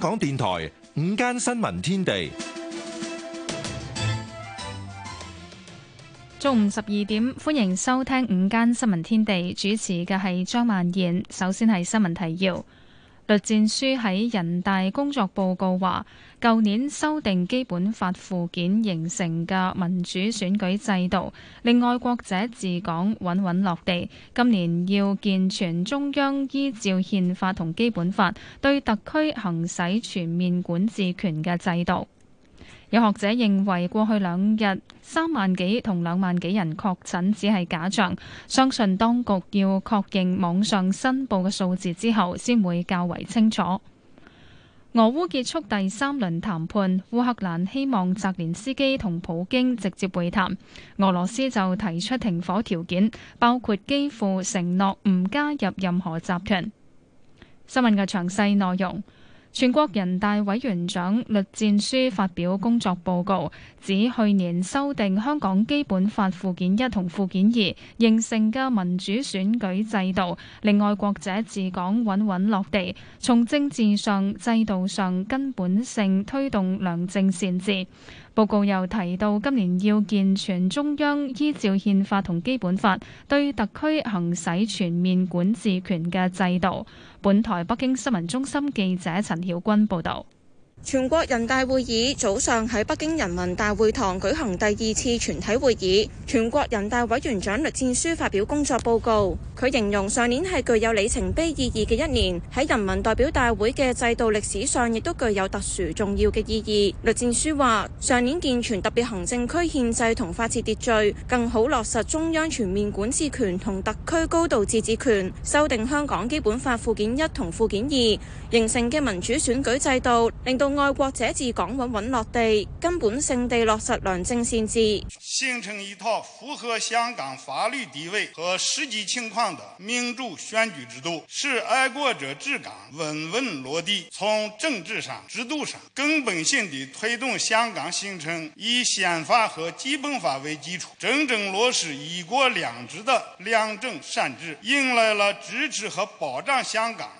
香港電台午間新聞天地，中午十二點，歡迎收聽午間新聞天地，主持嘅係張曼燕。首先係新聞提要。栗戰書喺人大工作報告話，舊年修訂基本法附件形成嘅民主選舉制度，令愛國者治港穩穩落地。今年要健全中央依照憲法同基本法對特區行使全面管治權嘅制度。有學者認為，過去兩日三萬幾同兩萬幾人確診只係假象，相信當局要確認網上申報嘅數字之後，先會較為清楚。俄烏結束第三輪談判，烏克蘭希望澤連斯基同普京直接會談，俄羅斯就提出停火條件，包括基輔承諾唔加入任何集團。新聞嘅詳細內容。全國人大委員長栗戰書發表工作報告，指去年修訂香港基本法附件一、同附件二，形成嘅民主選舉制度，令愛國者治港穩穩落地，從政治上、制度上根本性推動良政善治。報告又提到，今年要健全中央依照憲法同基本法對特區行使全面管治權嘅制度。本台北京新聞中心記者陳曉君報導。全國人大會議早上喺北京人民大會堂舉行第二次全體會議，全國人大委員長栗戰書發表工作報告。佢形容上年係具有里程碑意義嘅一年，喺人民代表大會嘅制度歷史上亦都具有特殊重要嘅意義。栗戰書話：上年健全特別行政區憲制同法治秩序，更好落實中央全面管治權同特區高度自治權，修訂香港基本法附件一同附件二，形成嘅民主選舉制度，令到愛國者治港穩穩落地，根本性地落實良政善治形成一套符合香港法律地位和實際情況的民主選舉制度，是愛國者治港穩穩落地，從政治上、制度上根本性地推動香港形成以憲法和基本法為基礎，真正落實一國兩制的良政善治，迎來了支持和保障香港。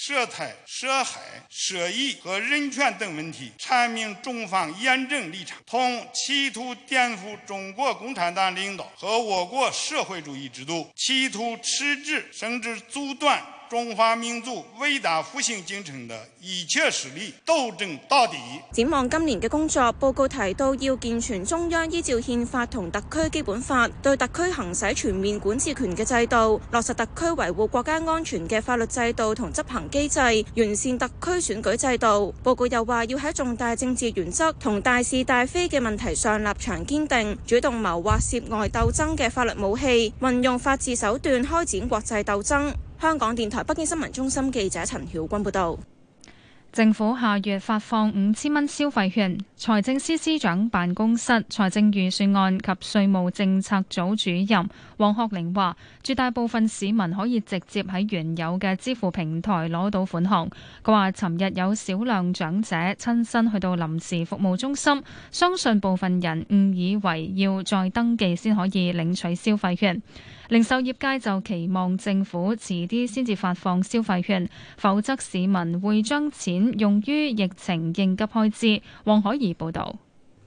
涉台、涉海、涉醫和人權等問題，闡明中方嚴正立場，同企圖顛覆中國共產黨領導和我國社會主義制度、企圖遲滯甚至阻斷中華民族偉大復興進程的一切勢力鬥爭到底。展望今年的工作報告提到，要健全中央依照憲法同特區基本法對特區行使全面管治權嘅制度，落實特區維護國家安全嘅法律制度同執行機制，完善特區選舉制度。報告又話要喺重大政治原則同大是大非嘅問題上立場堅定，主動謀劃涉外鬥爭嘅法律武器，運用法治手段開展國際鬥爭。香港電台北京新聞中心記者陳曉君報道。政府下月發放五千蚊消費券。財政司司長辦公室財政預算案及稅務政策組主任黃學玲話，絕大部分市民可以直接喺原有嘅支付平台攞到款項。佢話，尋日有少量長者親身去到臨時服務中心，相信部分人誤以為要再登記先可以領取消費券。零售業界就期望政府遲啲先至發放消費券，否則市民會將錢用於疫情應急開支。黃海怡報導，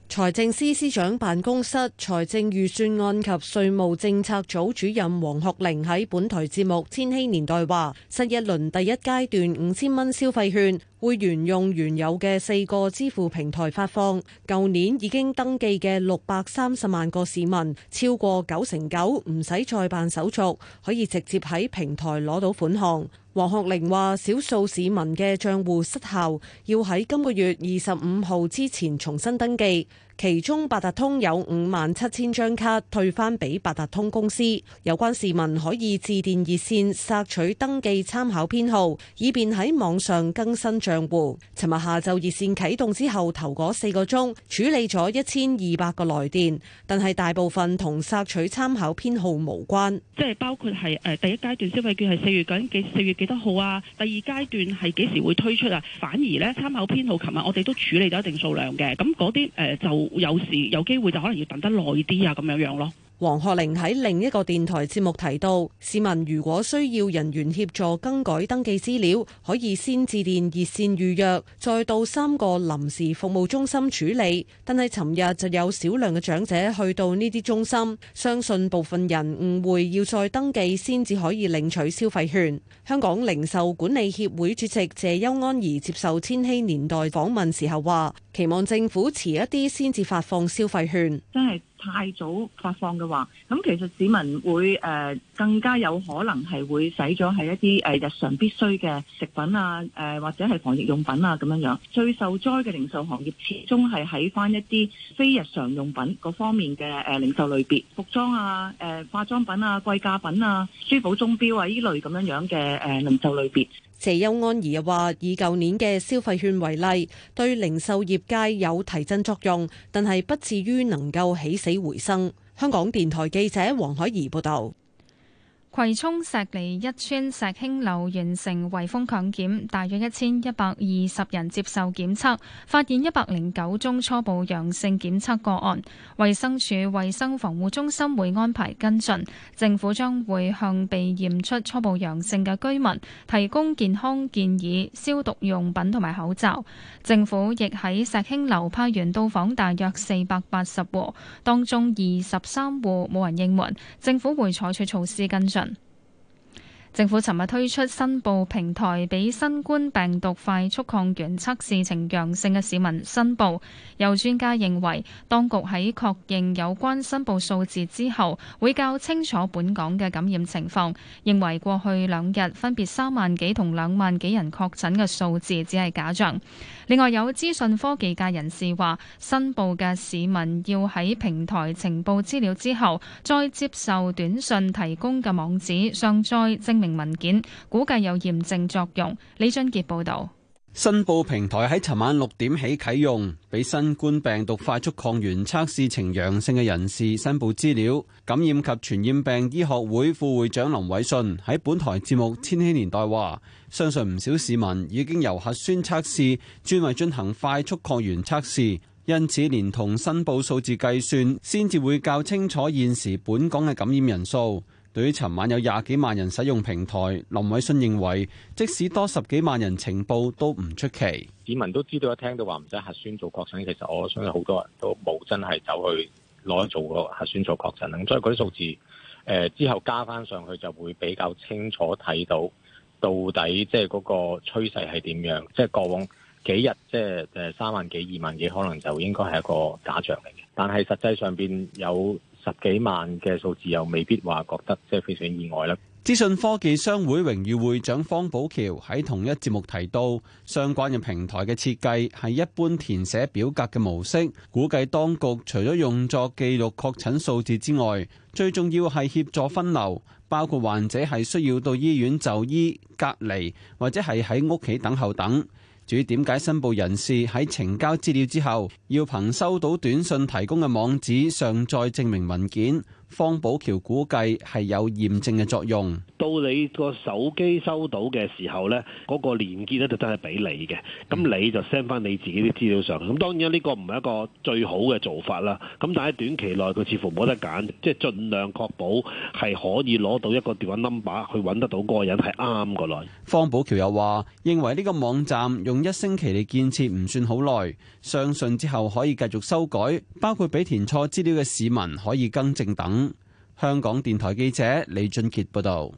財政司司長辦公室財政預算案及稅務政策組主任黃學玲喺本台節目《千禧年代》話：新一輪第一階段五千蚊消費券。會沿用原有嘅四個支付平台發放，舊年已經登記嘅六百三十萬個市民，超過九成九唔使再辦手續，可以直接喺平台攞到款項。黃學玲話：少數市民嘅賬戶失效，要喺今個月二十五號之前重新登記。其中八達通有五萬七千張卡退翻俾八達通公司，有關市民可以致電熱線索取登記參考編號，以便喺網上更新賬戶。尋日下晝熱線啟動之後，頭嗰四個鐘處理咗一千二百個來電，但係大部分同索取參考編號無關。即係包括係誒第一階段消費券係四月幾？四月幾多號啊？第二階段係幾時會推出啊？反而呢參考編號，尋日我哋都處理咗一定數量嘅，咁嗰啲誒就。有時有機會就可能要等得耐啲啊，咁樣樣咯。黃學玲喺另一個電台節目提到，市民如果需要人員協助更改登記資料，可以先致電熱線預約，再到三個臨時服務中心處理。但係尋日就有少量嘅長者去到呢啲中心，相信部分人誤會要再登記先至可以領取消費券。香港零售管理協會主席謝邱安怡接受千禧年代訪問時候話。期望政府遲一啲先至發放消費券，真係太早發放嘅話，咁其實市民會誒、呃、更加有可能係會使咗係一啲誒日常必需嘅食品啊，誒、呃、或者係防疫用品啊咁樣樣。最受災嘅零售行業始終係喺翻一啲非日常用品嗰方面嘅誒零售類別，服裝啊，誒、呃、化妝品啊，貴價品啊，珠寶鐘錶啊呢類咁樣樣嘅誒零售類別。謝邱安儀又話：以舊年嘅消費券為例，對零售業界有提振作用，但係不至於能夠起死回生。香港電台記者黃海怡報道。葵涌石梨一村石興樓完成圍封強檢，大約一千一百二十人接受檢測，發現一百零九宗初步陽性檢測個案。衛生署衞生防護中心會安排跟進，政府將會向被驗出初步陽性嘅居民提供健康建議、消毒用品同埋口罩。政府亦喺石興樓派員到訪大約四百八十戶，當中二十三戶冇人應門，政府會採取措施跟進。政府尋日推出申報平台，俾新冠病毒快速抗原測試呈陽性嘅市民申報，有專家認為當局喺確認有關申報數字之後會較清楚本港嘅感染情況，認為過去兩日分別三萬幾同兩萬幾人確診嘅數字只係假象。另外有資訊科技界人士話申報嘅市民要喺平台呈報資料之後再接受短信提供嘅網址上載證明文件估計有驗證作用。李俊傑報道，申報平台喺尋晚六點起啟用，俾新冠病毒快速抗原測試呈陽性嘅人士申報資料。感染及傳染病醫學會副會長林偉信喺本台節目《千禧年代》話，相信唔少市民已經由核酸測試轉為進行快速抗原測試，因此連同申報數字計算，先至會較清楚現時本港嘅感染人數。對於尋晚有廿幾萬人使用平台，林偉信認為即使多十幾萬人呈報都唔出奇。市民都知道一聽到話唔使核酸做確診，其實我相信好多人都冇真係走去攞做個核酸做確診。咁所以嗰啲數字，呃，之後加翻上去就會比較清楚睇到到底即係嗰個趨勢係點樣。即係過往幾日即係三萬幾、二萬幾，可能就應該係一個假象嚟嘅。但係實際上邊有，十幾萬嘅數字又未必話覺得即係非常意外咧。資訊科技商會榮譽會長方寶橋喺同一節目提到，相關嘅平台嘅設計係一般填寫表格嘅模式，估計當局除咗用作記錄確診數字之外，最重要係協助分流，包括患者係需要到醫院就醫、隔離，或者係喺屋企等候等。至於點解申報人士喺呈交資料之後，要憑收到短信提供嘅網址上載證明文件？方寶橋估計係有驗證嘅作用。到你個手機收到嘅時候咧，嗰個連接咧就真係俾你嘅。咁你就 send 翻你自己啲資料上，咁當然啦，呢個唔係一個最好嘅做法啦。咁但係短期內佢似乎冇得揀，即係盡量確保係可以攞到一個電話 number 去揾得到嗰個人係啱個。來方寶橋又話，認為呢個網站用一星期嚟建設唔算好耐，相信之後可以繼續修改，包括俾填錯資料嘅市民可以更正等。香港電台記者李俊杰報道，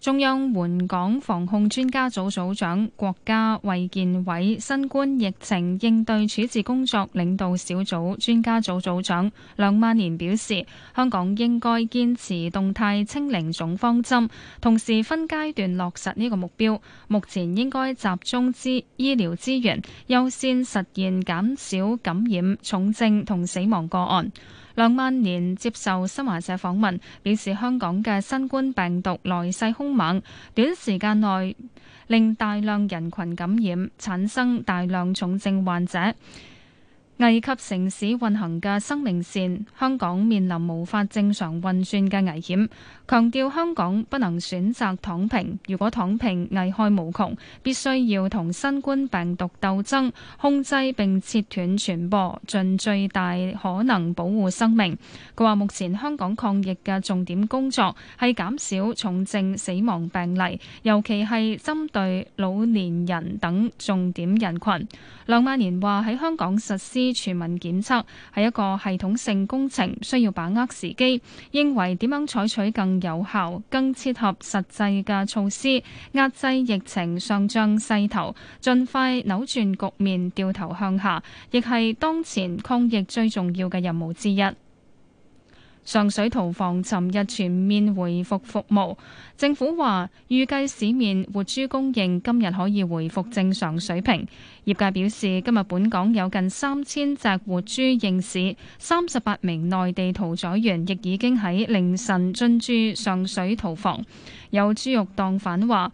中央援港防控專家組組長、國家衛健委新冠疫情應對處置工作領導小組專家組組長梁萬年表示，香港應該堅持動態清零總方針，同時分階段落實呢個目標。目前應該集中之醫療資源，優先實現減少感染、重症同死亡個案。梁萬年接受新華社訪問，表示香港嘅新冠病毒來勢凶猛，短時間內令大量人群感染，產生大量重症患者。危及城市運行嘅生命線，香港面臨無法正常運轉嘅危險。強調香港不能選擇躺平，如果躺平危害無窮，必須要同新冠病毒鬥爭，控制並切斷傳播，盡最大可能保護生命。佢話，目前香港抗疫嘅重點工作係減少重症死亡病例，尤其係針對老年人等重點人群。梁萬年話喺香港實施全民檢測係一個系統性工程，需要把握時機。認為點樣採取更有效、更切合實際嘅措施，壓制疫情上漲勢頭，盡快扭轉局面，掉頭向下，亦係當前抗疫最重要嘅任務之一。上水屠房尋日全面恢復服務，政府話預計市面活豬供應今日可以恢復正常水平。業界表示，今日本港有近三千隻活豬應市，三十八名內地屠宰員亦已經喺凌晨進駐上水屠房。有豬肉檔反話。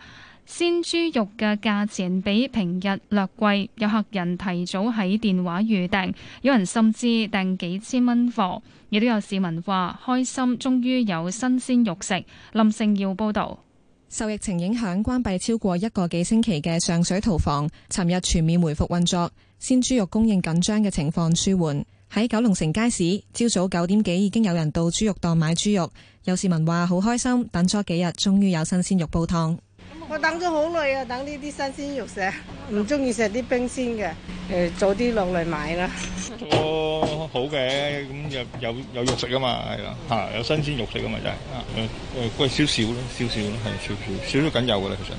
鮮豬肉嘅價錢比平日略貴，有客人提早喺電話預訂，有人甚至訂幾千蚊貨。亦都有市民話開心，終於有新鮮肉食。林勝耀報道，受疫情影響關閉超過一個幾星期嘅上水屠房，尋日全面回復運作，鮮豬肉供應緊張嘅情況舒緩。喺九龍城街市，朝早九點幾已經有人到豬肉檔買豬肉，有市民話好開心，等咗幾日，終於有新鮮肉煲湯。我等咗好耐啊！等呢啲新鮮肉食，唔中意食啲冰鮮嘅，誒、呃，早啲落嚟買啦。哦，好、嗯、嘅，咁有有有肉食啊嘛，係啦，吓有新鮮肉食啊嘛，就係誒誒，貴少少咯，少少咯，係少少，少都梗有噶啦，其實係。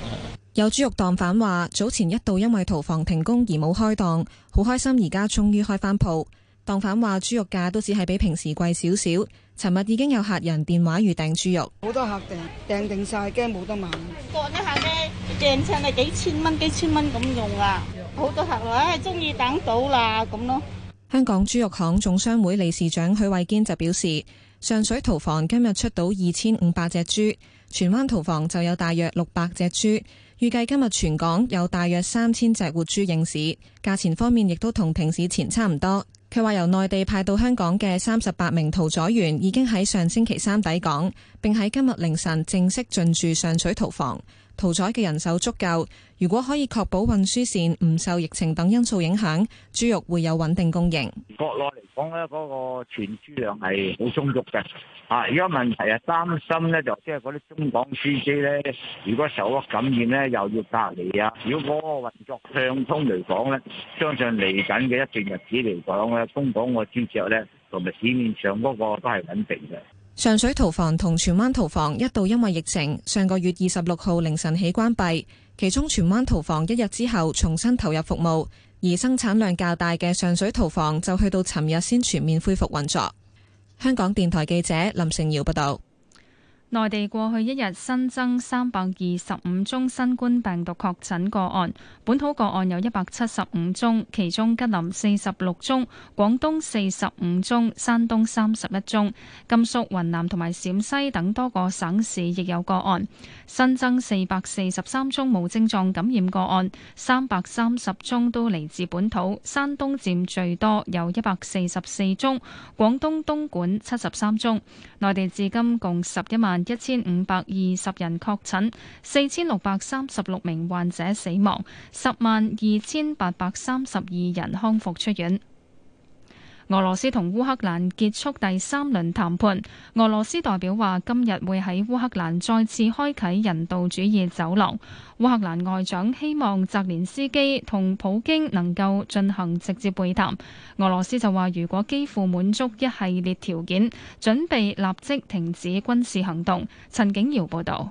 有豬肉檔販話，早前一度因為屠房停工而冇開檔，好開心而家終於開翻鋪。檔反話豬肉價都只係比平時貴少少。尋日已經有客人電話預訂豬肉，好多客訂訂定曬，驚冇得賣。一客咧訂親你幾千蚊，幾千蚊咁用啊！好多客話：唉、哎，中意等到啦咁咯。香港豬肉行總商會理事長許慧堅就表示，上水屠房今日出到二千五百隻豬，荃灣屠房就有大約六百隻豬，預計今日全港有大約三千隻活豬應市。價錢方面亦都同停市前差唔多。佢話：由內地派到香港嘅三十八名屠宰員已經喺上星期三抵港，並喺今日凌晨正式進駐上水屠房。屠宰嘅人手足夠，如果可以確保運輸線唔受疫情等因素影響，豬肉會有穩定供應。國內嚟講咧，嗰個存豬量係好充足嘅。啊，而家問題啊，擔心咧就即係嗰啲中港司機咧，如果受咗感染咧，又要隔離啊。如果嗰個運作暢通嚟講咧，相信嚟緊嘅一段日子嚟講咧，中港個豬隻咧，同埋市面上嗰個都係穩定嘅。上水屠房同荃灣屠房一度因為疫情，上個月二十六號凌晨起關閉。其中荃灣屠房一日之後重新投入服務，而生產量較大嘅上水屠房就去到尋日先全面恢復運作。香港電台記者林成瑤報道。內地過去一日新增三百二十五宗新冠病毒確診個案，本土個案有一百七十五宗，其中吉林四十六宗，廣東四十五宗，山東三十一宗，甘肅、雲南同埋陝西等多個省市亦有個案。新增四百四十三宗無症狀感染個案，三百三十宗都嚟自本土，山東佔最多，有一百四十四宗，廣東東莞七十三宗。內地至今共十一萬一千五百二十人確診，四千六百三十六名患者死亡，十萬二千八百三十二人康復出院。俄羅斯同烏克蘭結束第三輪談判，俄羅斯代表話今日會喺烏克蘭再次開啟人道主義走廊。烏克蘭外長希望澤連斯基同普京能夠進行直接會談。俄羅斯就話如果幾乎滿足一系列條件，準備立即停止軍事行動。陳景堯報道。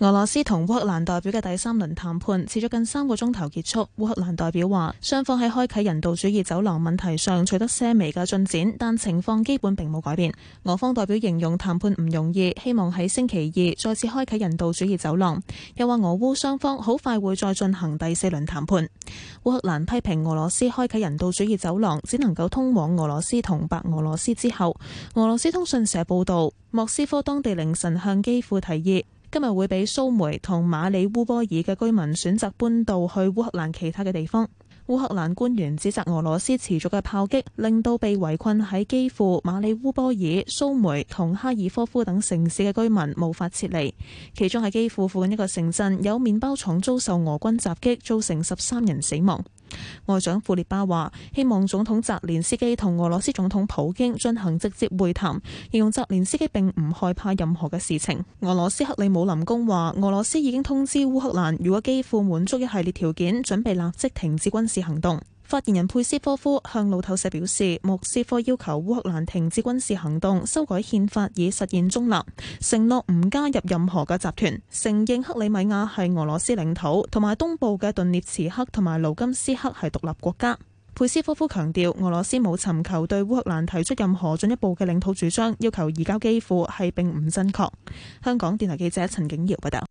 俄羅斯同烏克蘭代表嘅第三輪談判持續近三個鐘頭結束。烏克蘭代表話，雙方喺開啟人道主義走廊問題上取得些微嘅進展，但情況基本並冇改變。俄方代表形容談判唔容易，希望喺星期二再次開啟人道主義走廊，又話俄烏雙方好快會再進行第四輪談判。烏克蘭批評俄羅斯開啟人道主義走廊只能夠通往俄羅斯同白俄羅斯之後。俄羅斯通訊社報道，莫斯科當地凌晨向基輔提議。今日會俾蘇梅同馬里烏波爾嘅居民選擇搬到去烏克蘭其他嘅地方。烏克蘭官員指責俄羅斯持續嘅炮擊，令到被圍困喺基輔、馬里烏波爾、蘇梅同哈爾科夫等城市嘅居民無法撤離。其中喺基輔附近一個城鎮，有麵包廠遭受俄軍襲擊，造成十三人死亡。外長庫列巴話：希望總統澤連斯基同俄羅斯總統普京進行直接會談。形容澤連斯基並唔害怕任何嘅事情。俄羅斯克里姆林宮話：俄羅斯已經通知烏克蘭，如果基輔滿足一系列條件，準備立即停止軍事行動。發言人佩斯科夫向路透社表示，莫斯科要求烏克蘭停止軍事行動、修改憲法以實現中立、承諾唔加入任何嘅集團、承認克里米亞係俄羅斯領土，同埋東部嘅頓涅茨克同埋盧甘斯克係獨立國家。佩斯科夫強調，俄羅斯冇尋求對烏克蘭提出任何進一步嘅領土主張，要求移交基庫係並唔真確。香港電台記者陳景堯報道。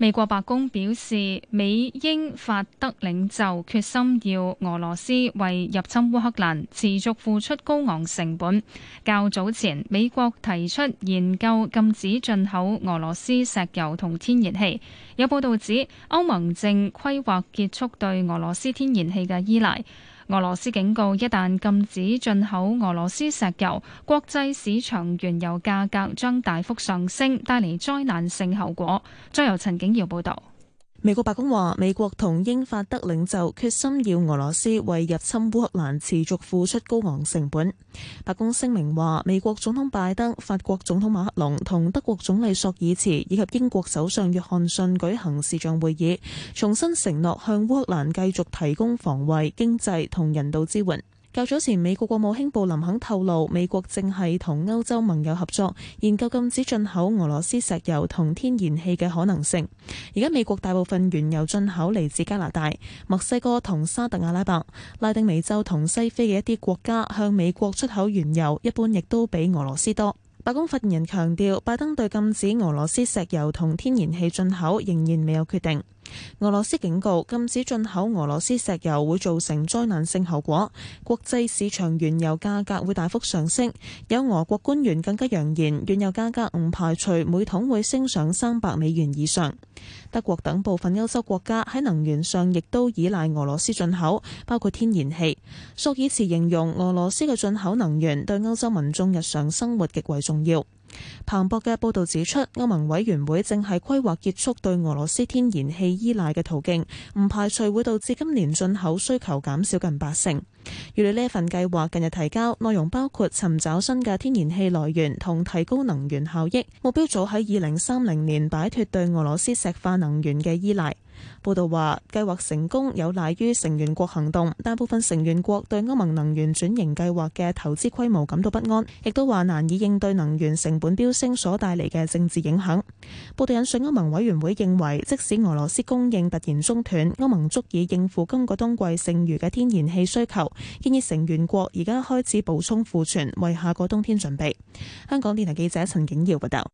美國白宮表示，美英法德領袖決心要俄羅斯為入侵烏克蘭持續付出高昂成本。較早前，美國提出研究禁止進口俄羅斯石油同天然氣。有報道指，歐盟正規劃結束對俄羅斯天然氣嘅依賴。俄羅斯警告，一旦禁止進口俄羅斯石油，國際市場原油價格將大幅上升，帶嚟災難性後果。再由陳景瑤報導。美國白宮話，美國同英法德領袖決心要俄羅斯為入侵烏克蘭持續付出高昂成本。白宮聲明話，美國總統拜登、法國總統馬克龍同德國總理索爾茨以及英國首相約翰遜舉行視像會議，重新承諾向烏克蘭繼續提供防衛、經濟同人道支援。較早前，美國國務卿布林肯透露，美國正係同歐洲盟友合作，研究禁止進口俄羅斯石油同天然氣嘅可能性。而家美國大部分原油進口嚟自加拿大、墨西哥同沙特阿拉伯、拉丁美洲同西非嘅一啲國家，向美國出口原油一般亦都比俄羅斯多。白宮發言人強調，拜登對禁止俄羅斯石油同天然氣進口仍然未有決定。俄羅斯警告禁止進口俄羅斯石油會造成災難性後果，國際市場原油價格會大幅上升。有俄國官員更加揚言，原油價格唔排除每桶會升上三百美元以上。德國等部分歐洲國家喺能源上亦都依賴俄羅斯進口，包括天然氣。索爾茨形容俄羅斯嘅進口能源對歐洲民眾日常生活極為重要。彭博嘅報道指出，歐盟委員會正係規劃結束對俄羅斯天然氣依賴嘅途徑，唔排除會導致今年進口需求減少近八成。預料呢一份計劃近日提交，內容包括尋找新嘅天然氣來源同提高能源效益，目標早喺二零三零年擺脫對俄羅斯石化能源嘅依賴。報道話，計劃成功有賴於成員國行動，大部分成員國對歐盟能源轉型計劃嘅投資規模感到不安，亦都話難以應對能源成本飆升所帶嚟嘅政治影響。報道引述歐盟委員會認為，即使俄羅斯供應突然中斷，歐盟足以應付今個冬季剩餘嘅天然氣需求，建議成員國而家開始補充庫存，為下個冬天準備。香港電台記者陳景耀報道。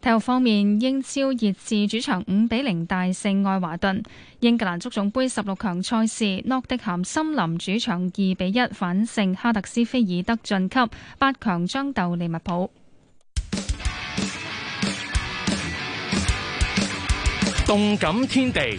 體育方面，英超熱刺主場五比零大勝愛華頓；英格蘭足總盃十六強賽事，諾迪咸森林主場二比一反勝哈特斯菲爾德晉級八強，將鬥利物浦。動感天地。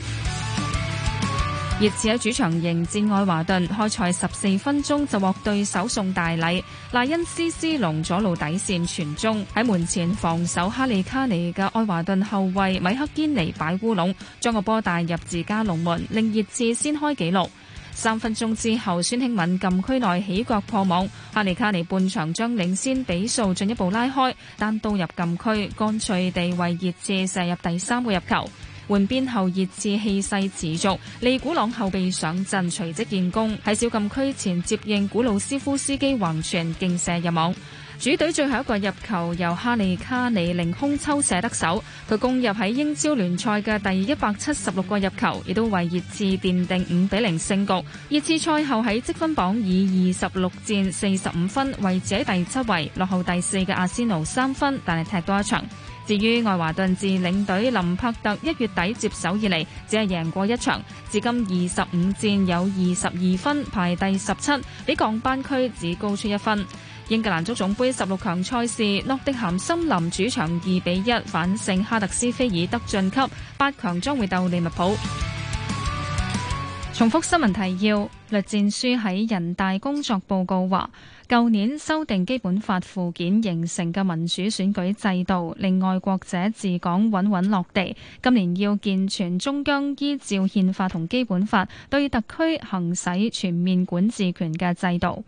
熱刺喺主場迎戰愛華頓，開賽十四分鐘就獲對手送大禮，賴恩斯斯隆左路底線傳中，喺門前防守哈利卡尼嘅愛華頓後衛米克堅尼擺烏龍，將個波帶入自家龍門，令熱刺先開紀錄。三分鐘之後，孫興敏禁區內起腳破網，哈利卡尼半場將領先比數進一步拉開，單刀入禁區，乾脆地為熱刺射入第三個入球。換邊後熱刺氣勢持續，利古朗後備上陣隨即建功，喺小禁區前接應古魯斯夫斯基橫傳勁射入網。主隊最後一個入球由哈利卡尼凌空抽射得手，佢攻入喺英超聯賽嘅第一百七十六個入球，亦都為熱刺奠定五比零勝局。熱刺賽後喺積分榜以二十六戰四十五分位置喺第七位，落後第四嘅阿仙奴三分，但係踢多一場。至於愛華頓自領隊林柏特一月底接手以嚟，只係贏過一場，至今二十五戰有二十二分，排第十七，比降班區只高出一分。英格蘭足總杯十六強賽事，諾丁咸森林主場二比一反勝哈特斯菲爾德晉級八強，將會鬥利物浦。重複新聞提要，栗戰書喺人大工作報告話，舊年修訂基本法附件形成嘅民主選舉制度，令愛國者治港穩穩落地。今年要健全中央依照憲法同基本法對特區行使全面管治權嘅制度。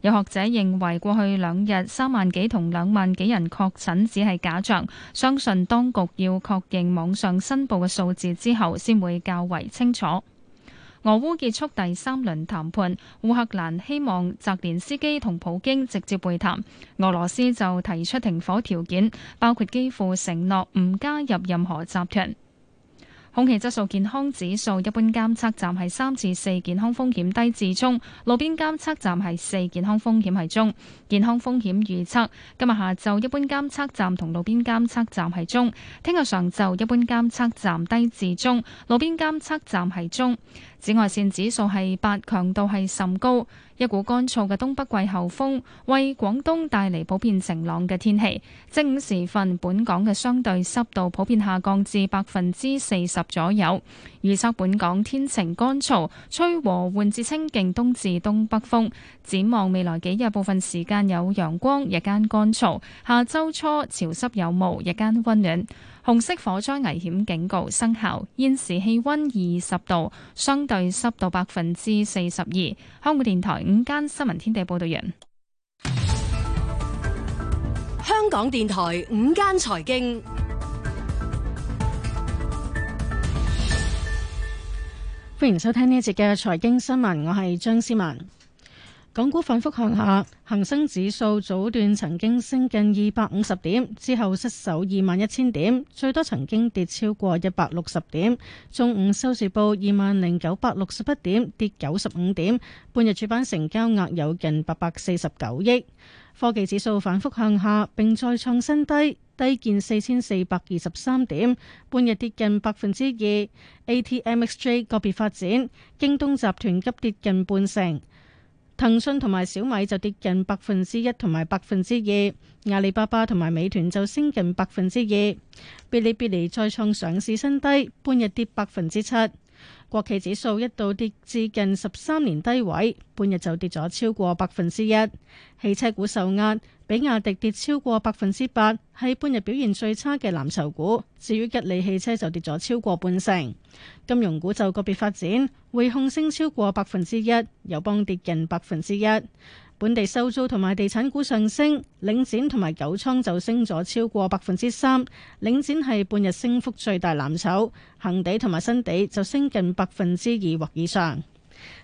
有學者認為，過去兩日三萬幾同兩萬幾人確診只係假象，相信當局要確認網上申報嘅數字之後，先會較為清楚。俄烏結束第三輪談判，烏克蘭希望澤連斯基同普京直接會談，俄羅斯就提出停火條件，包括幾乎承諾唔加入任何集團。空氣質素健康指數，一般監測站係三至四，健康風險低至中，路邊監測站係四，健康風險係中。健康風險預測，今日下晝一般監測站同路邊監測站係中，聽日上晝一般監測站低至中，路邊監測站係中。紫外綫指數係八，強度係甚高。一股乾燥嘅東北季候風，為廣東帶嚟普遍晴朗嘅天氣。正午時分，本港嘅相對濕度普遍下降至百分之四十左右。預測本港天晴乾燥，吹和緩至清勁東至東北風。展望未來幾日，部分時間有陽光，日間乾燥。下周初潮濕有霧，日間溫暖。紅色火災危險警告生效。現時氣溫二十度，相對濕度百分之四十二。香港電台午間新聞天地報道完。香港電台午間財經。歡迎收聽呢一節嘅財經新聞，我係張思文。港股反覆向下，恒生指數早段曾經升近二百五十點，之後失守二萬一千點，最多曾經跌超過一百六十點。中午收市報二萬零九百六十一點，跌九十五點。半日主板成交額有近八百四十九億。科技指數反覆向下，並再創新低，低見四千四百二十三點，半日跌近百分之二。ATMXJ 個別發展，京東集團急跌近半成。騰訊同埋小米就跌近百分之一同埋百分之二，阿里巴巴同埋美團就升近百分之二，嗶哩嗶哩再創上市新低，半日跌百分之七。國企指數一度跌至近十三年低位，半日就跌咗超過百分之一。汽車股受壓，比亞迪跌超過百分之八，係半日表現最差嘅藍籌股。至於吉利汽車就跌咗超過半成。金融股就個別發展，匯控升超過百分之一，友邦跌近百分之一。本地收租同埋地產股上升，領展同埋九倉就升咗超過百分之三，領展係半日升幅最大藍籌，恒地同埋新地就升近百分之二或以上。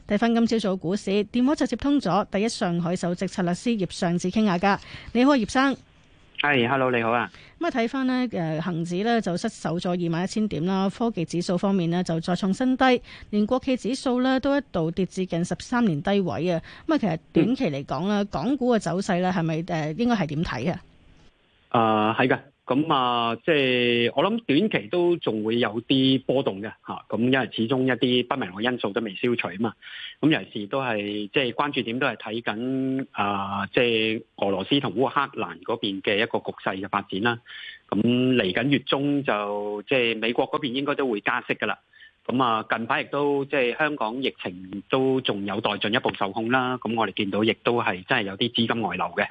睇翻今朝早股市，電話就接通咗第一上海首席策略師葉尚志傾下偈，你好葉生。係，hello，你好啊。咁啊，睇翻，咧，誒，恒指，咧就失守咗二萬一千點啦。科技指數方面咧就再創新低，連國企指數咧都一度跌至近十三年低位啊。咁啊，其實短期嚟講咧，嗯、港股嘅走勢咧係咪誒，應該係點睇啊？誒、uh，係噶。咁啊，即係我諗短期都仲會有啲波動嘅吓，咁、啊、因為始終一啲不明嘅因素都未消除啊嘛。咁尤其是都係即係關注點都係睇緊啊，即係俄羅斯同烏克蘭嗰邊嘅一個局勢嘅發展啦。咁嚟緊月中就即係美國嗰邊應該都會加息噶啦。咁啊，近排亦都即係香港疫情都仲有待進一步受控啦。咁我哋見到亦都係真係有啲資金外流嘅。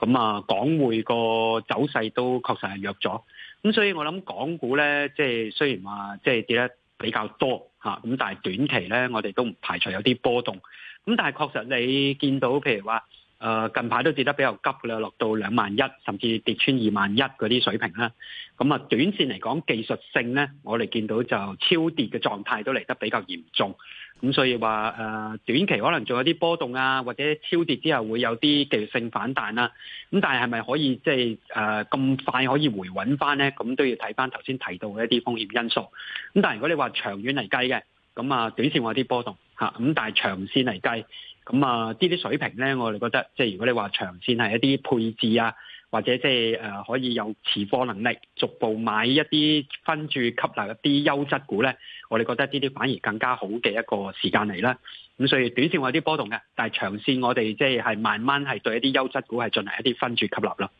咁啊，港匯個走勢都確實係弱咗。咁所以我諗港股咧，即係雖然話即係跌得比較多吓，咁但係短期咧，我哋都唔排除有啲波動。咁但係確實你見到譬如話。誒近排都跌得比較急嘅，落到兩萬一，甚至跌穿二萬一嗰啲水平啦。咁、嗯、啊，短線嚟講技術性咧，我哋見到就超跌嘅狀態都嚟得比較嚴重。咁、嗯、所以話誒、呃、短期可能仲有啲波動啊，或者超跌之後會有啲技術性反彈啦、啊。咁、嗯、但係係咪可以即係誒咁快可以回穩翻咧？咁都要睇翻頭先提到嘅一啲風險因素。咁、嗯、但係如果你話長遠嚟計嘅，咁啊短線話啲波動吓，咁、嗯、但係長線嚟計。咁啊，呢啲水平咧，我哋覺得即係如果你話長線係一啲配置啊，或者即係誒可以有持貨能力，逐步買一啲分注吸納一啲優質股咧，我哋覺得呢啲反而更加好嘅一個時間嚟啦。咁所以短綫會有啲波動嘅，但係長線我哋即係係慢慢係對一啲優質股係進行一啲分注吸納咯。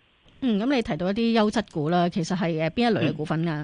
嗯，咁你提到一啲優質股啦，其實係誒邊一類嘅股份噶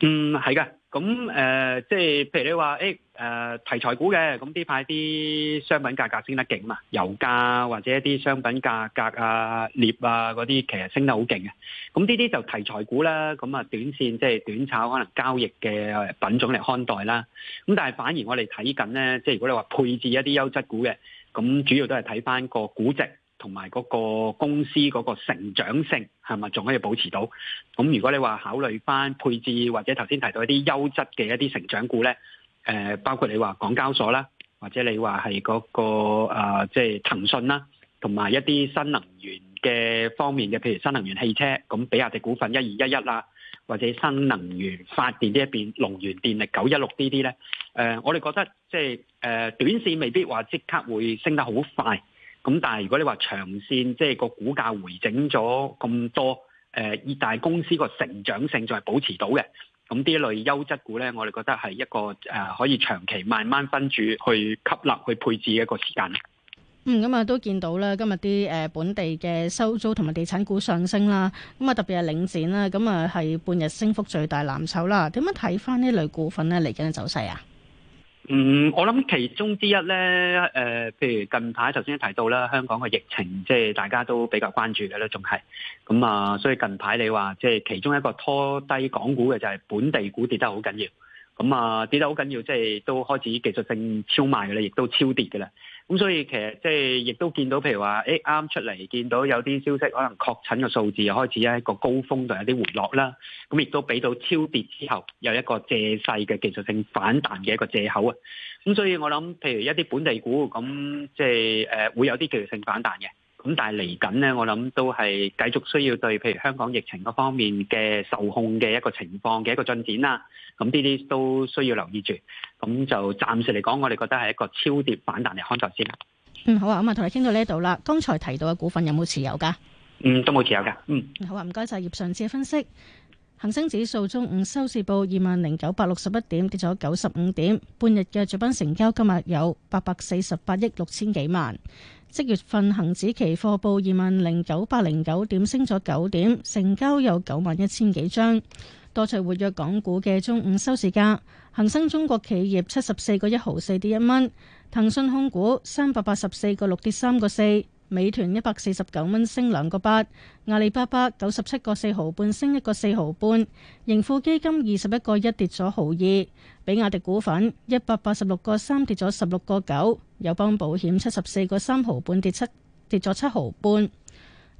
嗯，嗯，係㗎。咁誒、呃，即係譬如你話，誒、欸、誒、呃、題材股嘅，咁呢排啲商品價格升得勁嘛，油價或者一啲商品價格啊、鎳啊嗰啲，其實升得好勁嘅。咁呢啲就題材股啦，咁啊短線即係、就是、短炒可能交易嘅品種嚟看待啦。咁但係反而我哋睇緊咧，即係如果你話配置一啲優質股嘅，咁主要都係睇翻個估值。同埋嗰個公司嗰個成長性係咪仲可以保持到？咁如果你話考慮翻配置或者頭先提到一啲優質嘅一啲成長股咧，誒、呃、包括你話港交所啦，或者你話係嗰個即係、呃就是、騰訊啦，同埋一啲新能源嘅方面嘅，譬如新能源汽車，咁比亞迪股份一二一一啦，或者新能源發電呢一邊，龍源電力九一六呢啲咧，誒、呃、我哋覺得即係誒短線未必話即刻會升得好快。咁但係如果你話長線，即係個股價回整咗咁多，誒、呃，但係公司個成長性仲係保持到嘅，咁呢類優質股咧，我哋覺得係一個誒、呃，可以長期慢慢分注去吸納去配置嘅一個時間。嗯，咁啊都見到啦，今日啲誒本地嘅收租同埋地產股上升啦，咁啊特別係領展啦，咁啊係半日升幅最大藍籌啦。點樣睇翻呢類股份咧嚟緊嘅走勢啊？嗯，我諗其中之一咧，誒、呃，譬如近排頭先提到啦，香港嘅疫情，即係大家都比較關注嘅咧，仲係咁啊，所以近排你話即係其中一個拖低港股嘅就係本地股跌得好緊要，咁啊跌得好緊要，即係都開始技術性超賣嘅咧，亦都超跌嘅啦。咁所以其實即係亦都見到，譬如話，誒啱出嚟見到有啲消息，可能確診嘅數字又開始一個高峰，就有啲回落啦。咁亦都俾到超跌之後有一個借勢嘅技術性反彈嘅一個借口啊。咁所以我諗，譬如一啲本地股，咁即係誒會有啲技術性反彈嘅。咁但係嚟緊呢，我諗都係繼續需要對，譬如香港疫情嗰方面嘅受控嘅一個情況嘅一個進展啦。咁呢啲都需要留意住。咁就暫時嚟講，我哋覺得係一個超跌反彈嚟看待先。嗯，好啊。咁啊，同你傾到呢度啦。剛才提到嘅股份有冇持有噶？嗯，嗯，都冇持有噶。嗯。好啊，唔該晒葉。上次嘅分析，恒生指數中午收市報二萬零九百六十一點，跌咗九十五點。半日嘅主板成交今日，今日有八百四十八億六千幾萬。即月份恒指期貨報二萬零九百零九點，升咗九點，成交有九萬一千幾張。多隻活躍港股嘅中午收市價，恒生中國企業七十四個一毫四跌一蚊，騰訊控股三百八十四個六跌三個四，美團一百四十九蚊升兩個八，阿里巴巴九十七個四毫半升一個四毫半，盈富基金二十一個一跌咗毫二，比亞迪股份一百八十六個三跌咗十六個九。友邦保險七十四個三毫半跌七跌咗七毫半，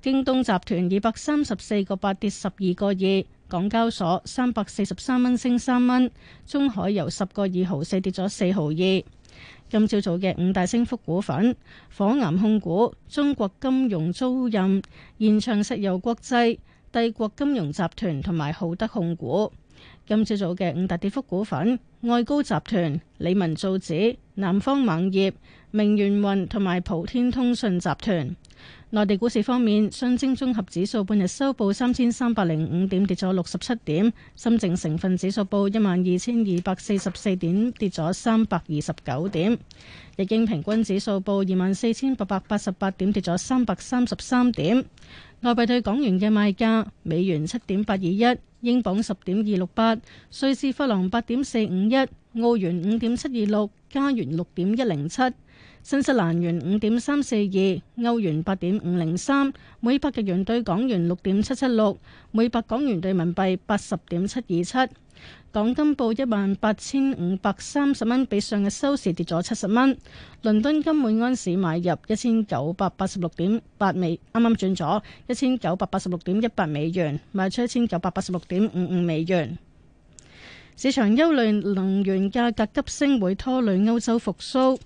京東集團二百三十四個八跌十二個二，港交所三百四十三蚊升三蚊，中海油十個二毫四跌咗四毫二。今朝早嘅五大升幅股份：火岩控股、中國金融租賃、延長石油國際、帝國金融集團同埋浩德控股。今朝早嘅五大跌幅股份。外高集團、李文造紙、南方猛業、明源雲同埋普天通訊集團。內地股市方面，上證綜合指數半日收報三千三百零五點，跌咗六十七點；深證成分指數報一萬二千二百四十四點，跌咗三百二十九點；日經平均指數報二萬四千八百八十八點，跌咗三百三十三點。外幣兌港元嘅賣價，美元七點八二一。英鎊十點二六八，瑞士法郎八點四五一，澳元五點七二六，加元六點一零七。新西蘭元五點三四二，歐元八點五零三，每百日元兌港元六點七七六，每百港元兌人民幣八十點七二七。港金報一萬八千五百三十蚊，比上日收市跌咗七十蚊。倫敦金每安士買入一千九百八十六點八美，啱啱轉咗一千九百八十六點一八美元，賣出一千九百八十六點五五美元。市場憂慮能源價格急升會拖累歐洲復蘇。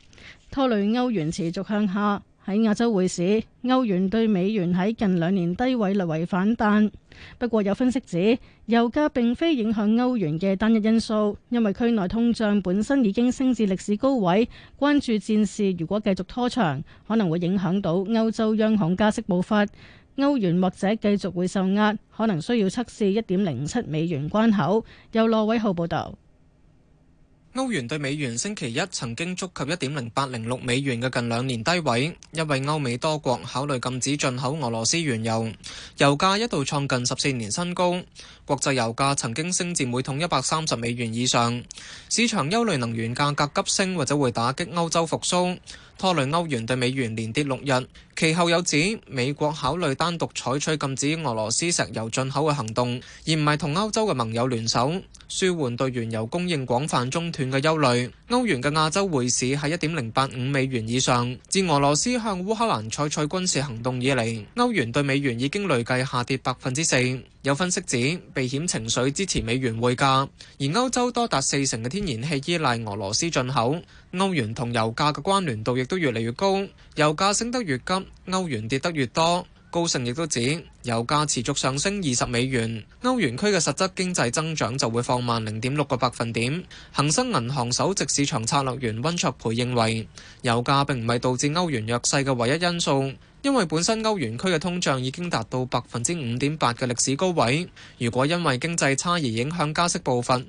拖累歐元持續向下。喺亞洲匯市，歐元對美元喺近兩年低位略為反彈。不過有分析指，油價並非影響歐元嘅單一因素，因為區內通脹本身已經升至歷史高位。關注戰事如果繼續拖長，可能會影響到歐洲央行加息步伐，歐元或者繼續會受壓，可能需要測試1.07美元關口。由羅偉浩報導。歐元對美元星期一曾經觸及一點零八零六美元嘅近兩年低位，因為歐美多國考慮禁止進口俄羅斯原油，油價一度創近十四年新高。國際油價曾經升至每桶一百三十美元以上，市場憂慮能源價格急升或者會打擊歐洲復甦。拖累歐元對美元連跌六日，其後有指美國考慮單獨採取禁止俄羅斯石油進口嘅行動，而唔係同歐洲嘅盟友聯手舒緩對原油供應廣泛中斷嘅憂慮。歐元嘅亞洲匯市喺一點零八五美元以上。自俄羅斯向烏克蘭採取軍事行動以嚟，歐元對美元已經累計下跌百分之四。有分析指避險情緒支持美元匯價，而歐洲多達四成嘅天然氣依賴俄羅斯進口，歐元同油價嘅關聯度亦都越嚟越高，油價升得越急，歐元跌得越多。高盛亦都指油價持續上升二十美元，歐元區嘅實質經濟增長就會放慢零點六個百分點。恒生銀行首席市場策略員溫卓培認為，油價並唔係導致歐元弱勢嘅唯一因素。因為本身歐元區嘅通脹已經達到百分之五點八嘅歷史高位，如果因為經濟差異影響加息步伐，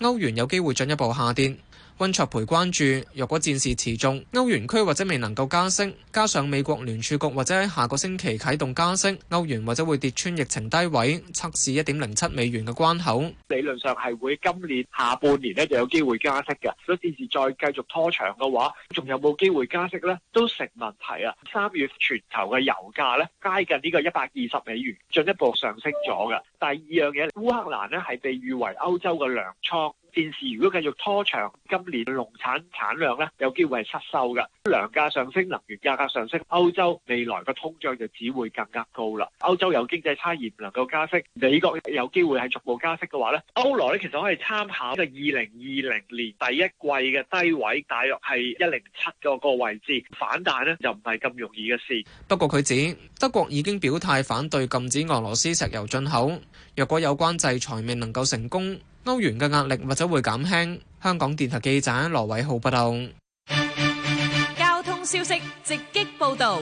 歐元有機會進一步下跌。溫卓培關注，若果戰事持續，歐元區或者未能夠加息，加上美國聯儲局或者喺下個星期啟動加息，歐元或者會跌穿疫情低位，測試一點零七美元嘅關口。理論上係會今年下半年呢就有機會加息嘅。如果戰事再繼續拖長嘅話，仲有冇機會加息呢？都成問題啊！三月全球嘅油價呢，接近呢個一百二十美元，進一步上升咗㗎。第二樣嘢，烏克蘭呢係被譽為歐洲嘅糧倉。戰事如果繼續拖長，今年農產產量咧有機會係失收㗎。糧價上升，能源價格上升，歐洲未來個通脹就只會更加高啦。歐洲有經濟差異唔能夠加息，美國有機會係逐步加息嘅話咧，歐羅咧其實可以參考喺二零二零年第一季嘅低位，大約係一零七嗰個位置反彈咧，就唔係咁容易嘅事。不過佢指德國已經表態反對禁止俄羅斯石油進口。若果有關制裁未能夠成功，歐元嘅壓力或者會減輕。香港電台記者羅偉浩報道。交通消息直擊報導。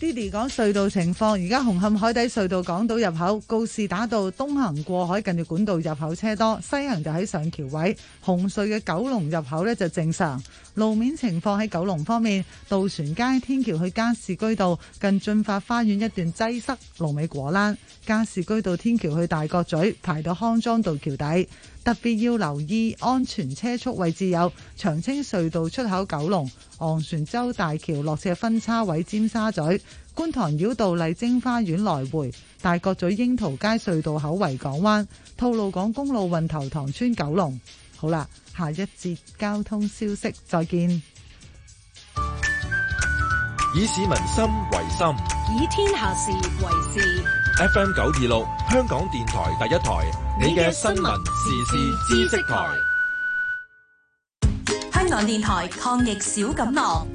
滴滴 d 講隧道情況，而家紅磡海底隧道港島入口告士打道東行過海近住管道入口車多，西行就喺上橋位。紅隧嘅九龍入口呢就正常。路面情況喺九龍方面，渡船街天橋去加士居道近進發花園一段擠塞，龍尾果欄；加士居道天橋去大角咀排到康莊道橋底。特別要留意安全車速位置有長青隧道出口、九龍昂船洲大橋落斜分叉位、尖沙咀觀塘繞道麗晶花園來回、大角咀櫻桃街隧道口、維港灣吐露港公路運頭塘村、九龍。好啦。下一節交通消息，再見。以市民心為心，以天下事為事。FM 九二六，香港電台第一台，你嘅新聞時事時知識台。香港電台抗疫小錦囊。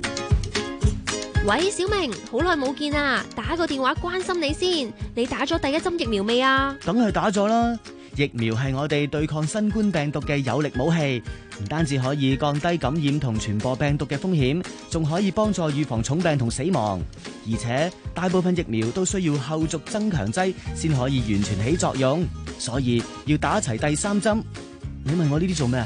喂，小明，好耐冇見啦，打個電話關心你先。你打咗第一針疫苗未啊？梗係打咗啦。疫苗係我哋對抗新冠病毒嘅有力武器，唔單止可以降低感染同傳播病毒嘅風險，仲可以幫助預防重病同死亡。而且大部分疫苗都需要後續增強劑先可以完全起作用，所以要打齊第三針。你問我呢啲做咩？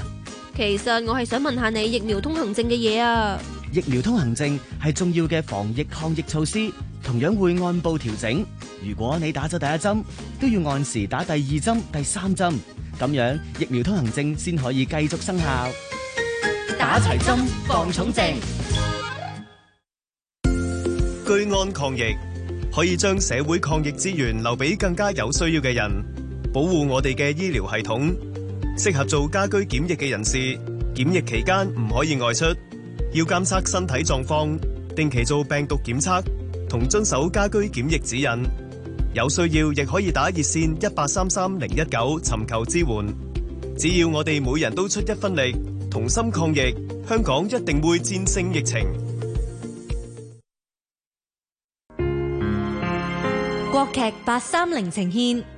其實我係想問下你疫苗通行證嘅嘢啊！疫苗通行證係重要嘅防疫抗疫措施。同樣會按部調整。如果你打咗第一針，都要按時打第二針、第三針，咁樣疫苗通行證先可以繼續生效。打齊針防重症，居安抗疫可以將社會抗疫資源留俾更加有需要嘅人，保護我哋嘅醫療系統。適合做家居檢疫嘅人士，檢疫期間唔可以外出，要監測身體狀況，定期做病毒檢測。同遵守家居檢疫指引，有需要亦可以打熱線一八三三零一九尋求支援。只要我哋每人都出一分力，同心抗疫，香港一定會戰勝疫情。國劇八三零呈獻。